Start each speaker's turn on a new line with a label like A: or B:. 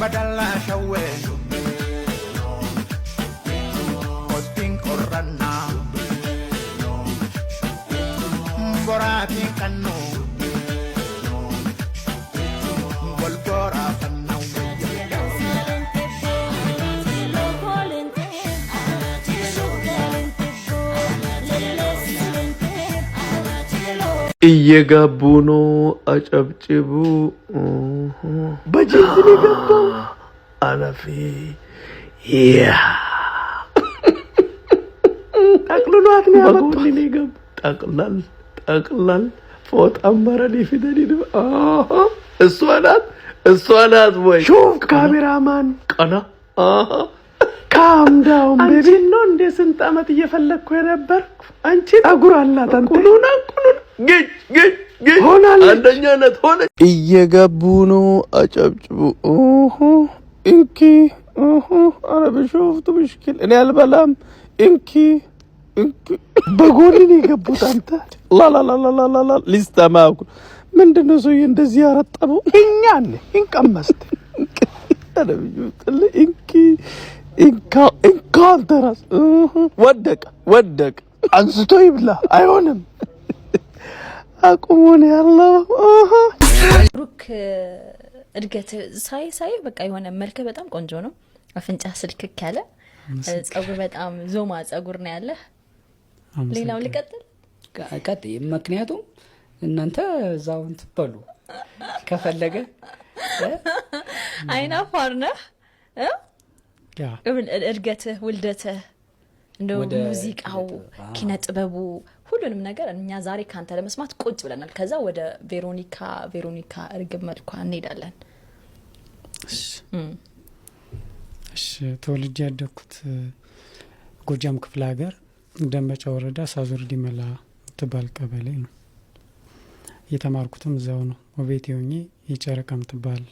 A: badala shawe Kotin korana Mboratin kanu
B: እየጋቡ ነው። አጨብጭቡ። በጀዝን የገባው አለፊ ጠቅልሏት ነው ያመጡት። ጠቅላል ጠቅላል ፎጣ አማራን የፊደል እሷ ናት እሷ ናት ወይ ሹፍ ካሜራማን ቀና ካምዳውን ቤቢ ነው እንደ ስንት አመት እየፈለግኩ የነበር አንቺ ጠጉር አላት አንተ አንደኛነት ሆነ። እየገቡ ነው። አጨብጭቡ። እንኪ ኧረ ቢሾፍቱ ምሽኪል እኔ አልበላም። እንኪ የገቡት አንተ ሊስተማኩ ምንድን ነው ሰውዬ እንደዚህ ያረጠቡ እኛ እንቀመስት እንኪ እንካ ወደቀ ወደቀ አንስቶ ይብላ አይሆንም አቁሞ ነው ያለው።
C: ብሩክ እድገት ሳይ ሳይ በቃ የሆነ መልክ በጣም ቆንጆ ነው። አፍንጫ ስልክክ ያለ ጸጉር፣ በጣም ዞማ ጸጉር ነው ያለ። ሌላው ልቀጥል
D: ቀጥ ምክንያቱም እናንተ እዛውን ትበሉ ከፈለገ
C: አይናፋር ነህ። እድገትህ ውልደትህ እንደ ሙዚቃው፣ ኪነ ጥበቡ፣ ሁሉንም ነገር እኛ ዛሬ ከአንተ ለመስማት ቁጭ ብለናል። ከዛ ወደ ቬሮኒካ ቬሮኒካ እርግብ መልኳ እንሄዳለን።
E: እሺ ተወልጅ ያደግኩት ጎጃም ክፍለ ሀገር ደንበጫ ወረዳ ሳዙር ዲመላ ትባል ቀበሌ ነው። የተማርኩትም እዚያው ነው። ወቤት የሆኜ የጨረቃ ትባል